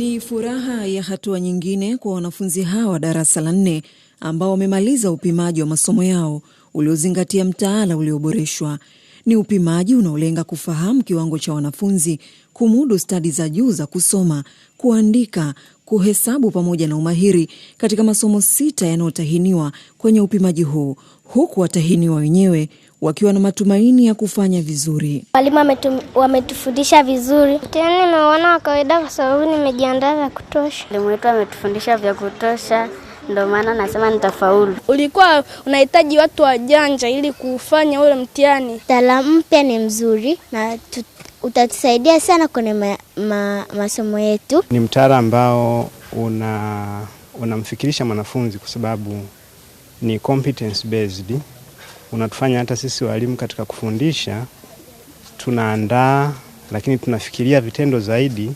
Ni furaha ya hatua nyingine kwa wanafunzi hawa wa darasa la nne ambao wamemaliza upimaji wa masomo yao uliozingatia mtaala ulioboreshwa. Ni upimaji unaolenga kufahamu kiwango cha wanafunzi kumudu stadi za juu za kusoma, kuandika, kuhesabu pamoja na umahiri katika masomo sita yanayotahiniwa kwenye upimaji huu, huku watahiniwa wenyewe wakiwa na matumaini ya kufanya vizuri. Walimu wametufundisha vizuri, tena nimeona wa kawaida, kwa sababu nimejiandaa vya kutosha. Walimu wetu ametufundisha vya kutosha, ndio maana nasema nitafaulu. Ulikuwa unahitaji watu wajanja ili kufanya ule mtihani. Tala mpya ni mzuri na utatusaidia sana kwenye ma, ma, masomo yetu. Ni mtaala ambao una unamfikirisha mwanafunzi kwa sababu ni competence based unatufanya hata sisi walimu katika kufundisha tunaandaa, lakini tunafikiria vitendo zaidi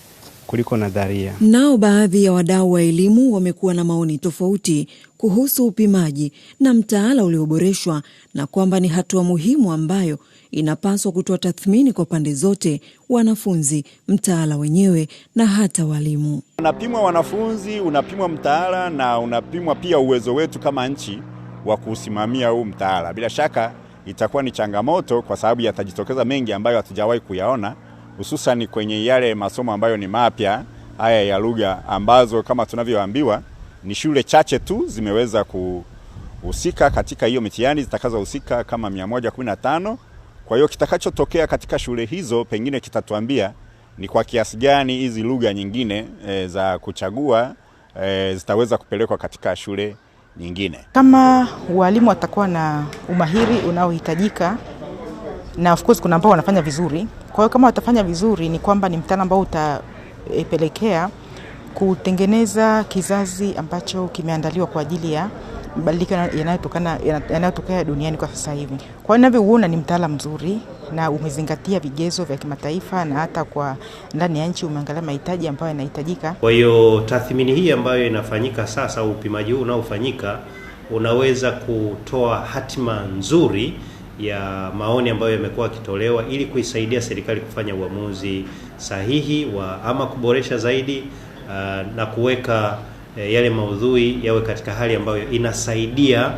kuliko nadharia. Nao baadhi ya wadau wa elimu wamekuwa na maoni tofauti kuhusu upimaji na mtaala ulioboreshwa na kwamba ni hatua muhimu ambayo inapaswa kutoa tathmini kwa pande zote, wanafunzi, mtaala wenyewe na hata walimu. Unapimwa wanafunzi, unapimwa mtaala na unapimwa pia uwezo wetu kama nchi wa kusimamia huu mtaala. Bila shaka itakuwa ni changamoto, kwa sababu yatajitokeza mengi ambayo hatujawahi kuyaona, hususan kwenye yale masomo ambayo ni mapya haya ya lugha, ambazo kama tunavyoambiwa ni shule chache tu zimeweza kuhusika katika hiyo mitihani zitakazohusika kama 115. Kwa hiyo kitakachotokea katika shule hizo pengine kitatuambia ni kwa kiasi gani hizi lugha nyingine e, za kuchagua e, zitaweza kupelekwa katika shule nyingine. Kama walimu watakuwa na umahiri unaohitajika, na of course kuna ambao wanafanya vizuri. Kwa hiyo kama watafanya vizuri, ni kwamba ni mtaala ambao utapelekea kutengeneza kizazi ambacho kimeandaliwa kwa ajili ya mabadiliko yanayotokana yanayotokea duniani kwa sasa hivi. Kwa ninavyoona ni mtaala mzuri na umezingatia vigezo vya kimataifa na hata kwa ndani ya nchi umeangalia mahitaji ambayo yanahitajika. Kwa hiyo tathmini hii ambayo inafanyika sasa au upimaji huu unaofanyika unaweza kutoa hatima nzuri ya maoni ambayo yamekuwa yakitolewa ili kuisaidia serikali kufanya uamuzi sahihi wa ama kuboresha zaidi uh, na kuweka e, yale maudhui yawe katika hali ambayo inasaidia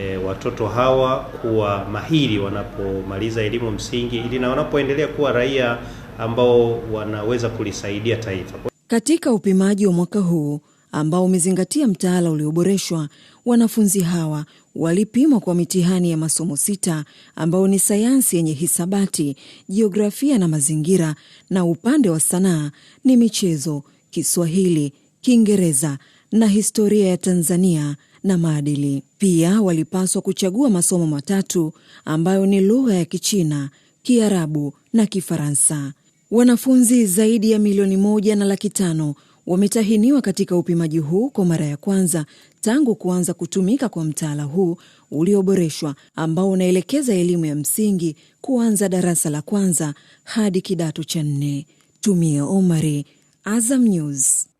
e, watoto hawa kuwa mahiri wanapomaliza elimu msingi ili na wanapoendelea kuwa raia ambao wanaweza kulisaidia taifa. Katika upimaji wa mwaka huu ambao umezingatia mtaala ulioboreshwa, wanafunzi hawa walipimwa kwa mitihani ya masomo sita ambayo ni sayansi yenye hisabati, jiografia na mazingira, na upande wa sanaa ni michezo, Kiswahili, Kiingereza na historia ya Tanzania na maadili. Pia walipaswa kuchagua masomo matatu ambayo ni lugha ya Kichina, Kiarabu na Kifaransa. Wanafunzi zaidi ya milioni moja na laki tano wametahiniwa katika upimaji huu kwa mara ya kwanza tangu kuanza kutumika kwa mtaala huu ulioboreshwa ambao unaelekeza elimu ya msingi kuanza darasa la kwanza hadi kidato cha nne. Tumie Omari, Azam News.